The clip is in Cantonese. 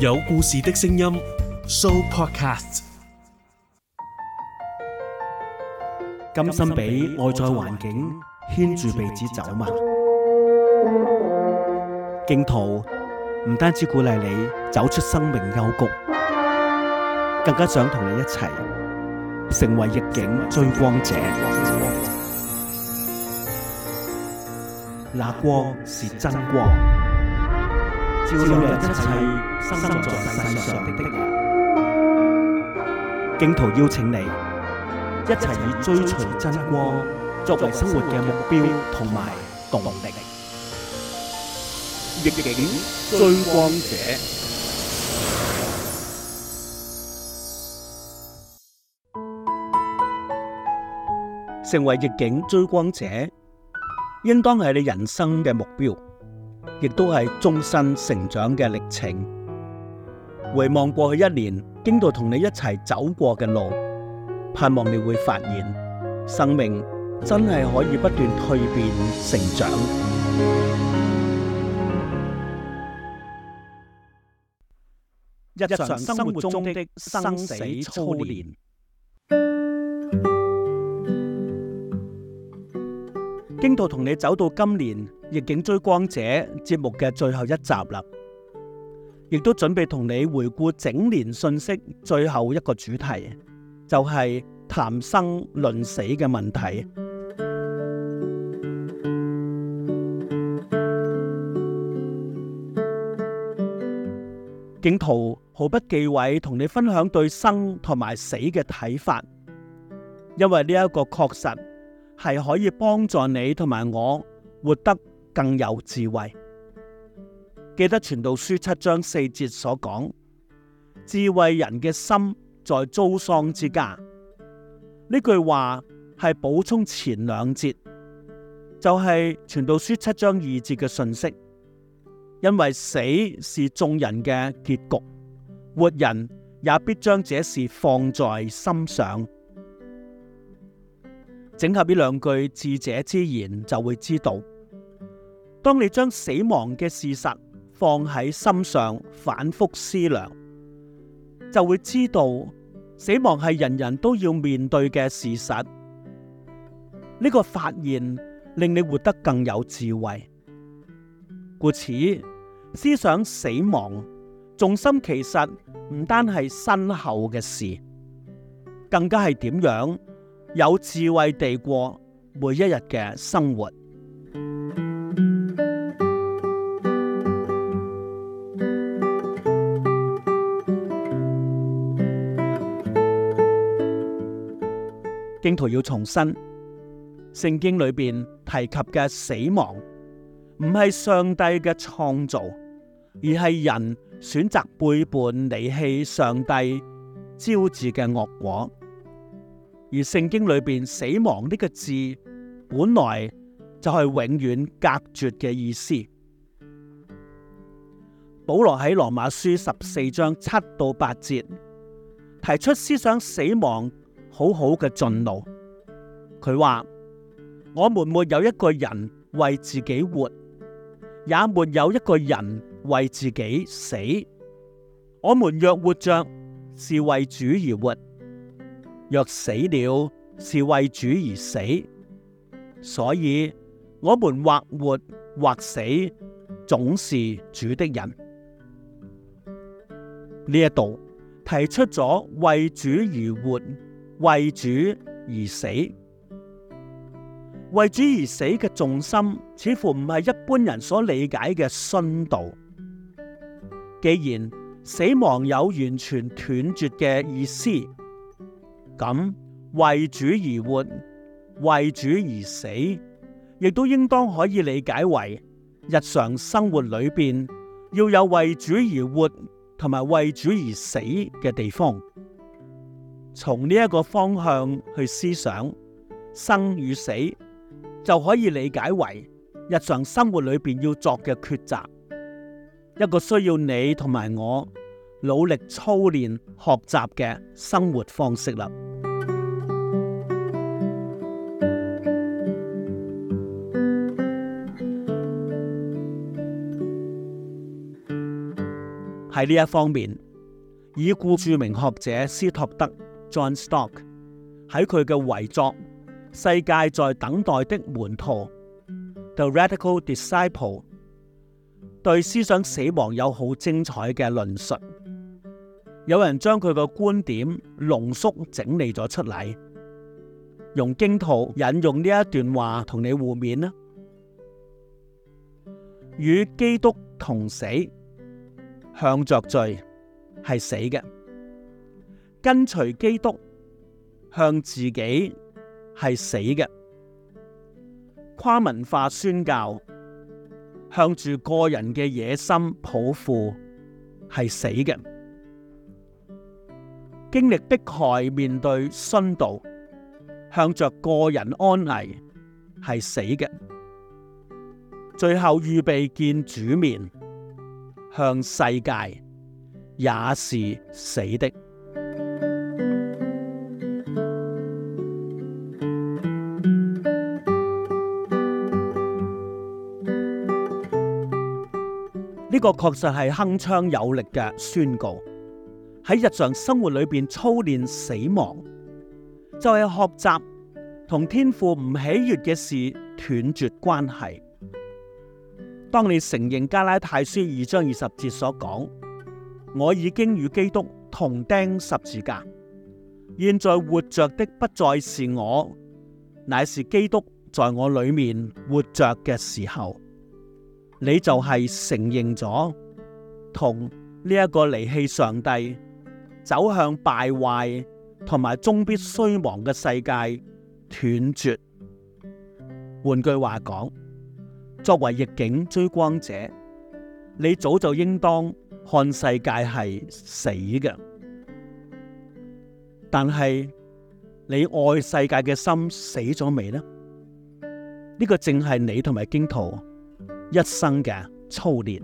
有故事的聲音，Sooo Podcast。甘心俾外在環境牽住鼻子走嗎？荊徒唔單止鼓勵你走出生命幽谷，更加想同你一齊成為逆境追光者。那光是真光。照亮一切生在世上的的人，荊徒邀請你一齊以追隨真光作為生活嘅目標同埋動力，逆境追光者，成為逆境追光者，應當係你人生嘅目標，亦都係終身成長嘅歷程。回望過去一年，經過同你一齊走過嘅路，盼望你會發現，生命真係可以不斷蛻變成長。日常生活中的生死操練。荊徒同你走到今年逆境追光者節目嘅最後一集啦，亦都準備同你回顧整年信息最後一個主題，就係、是、談生論死嘅問題。荊徒毫不忌諱同你分享對生同埋死嘅睇法，因為呢一個確實。係可以幫助你同埋我活得更有智慧。記得傳道書七章四節所講，智慧人嘅心在遭喪之家。呢句話係補充前兩節，就係傳道書七章二節嘅信息。因為死是眾人嘅結局，活人也必將這事放在心上。整合呢兩句智者之言，就會知道，當你將死亡嘅事實放喺心上，反覆思量，就會知道死亡係人人都要面對嘅事實。呢個發現令你活得更有智慧。故此，思想死亡，重心其實唔單係身後嘅事，更加係點樣？有智慧地過每一日嘅生活。荊徒要重申，聖經裏邊提及嘅死亡，唔係上帝嘅創造，而係人選擇背叛、離棄上帝招致嘅惡果。而聖經裏邊死亡呢個字本來就係永遠隔絕嘅意思。保羅喺羅馬書十四章七到八節提出思想死亡好好嘅進路。佢話：我們沒有一個人為自己活，也沒有一個人為自己死。我們若活着，是為主而活。若死了，是為主而死，所以我們或活或死，總是主的人。呢一度提出咗為主而活，為主而死。為主而死嘅重心，似乎唔係一般人所理解嘅殉道。既然死亡有完全斷絕嘅意思。咁為主而活、為主而死，亦都應當可以理解為日常生活裏邊要有為主而活同埋為主而死嘅地方。從呢一個方向去思想生與死，就可以理解為日常生活裏邊要作嘅抉擇，一個需要你同埋我，努力操練學習嘅生活方式啦，喺呢一方面，已故著名學者斯托德 （John Stott） 喺佢嘅遺作《世界在等待的門徒》（The Radical Disciple） 對思想死亡有好精彩嘅論述。有人將佢個觀點濃縮整理咗出嚟，用經圖引用呢一段話同你互勉啦。與基督同死，向着罪係死嘅；跟隨基督向自己係死嘅；跨文化宣教向住個人嘅野心抱負係死嘅。經歷迫害，面對殉道，向着個人安危係死嘅；最後預備見主面，向世界也是死的。呢 個確實係鏗鏘有力嘅宣告。喺日常生活裏邊操練死亡，就係學習同天父唔喜悅嘅事斷絕關係。當你承認加拉太書二章二十節所講：我已經與基督同釘十字架，現在活着的不再是我，乃是基督在我裏面活着嘅時候，你就係承認咗同呢一個離棄上帝，走向敗壞同埋終必衰亡嘅世界斷絕。換句話講，作為逆境追光者，你早就應當看世界係死嘅。但係你愛世界嘅心死咗未呢？呢、呢個正係你同埋荊徒一生嘅操練。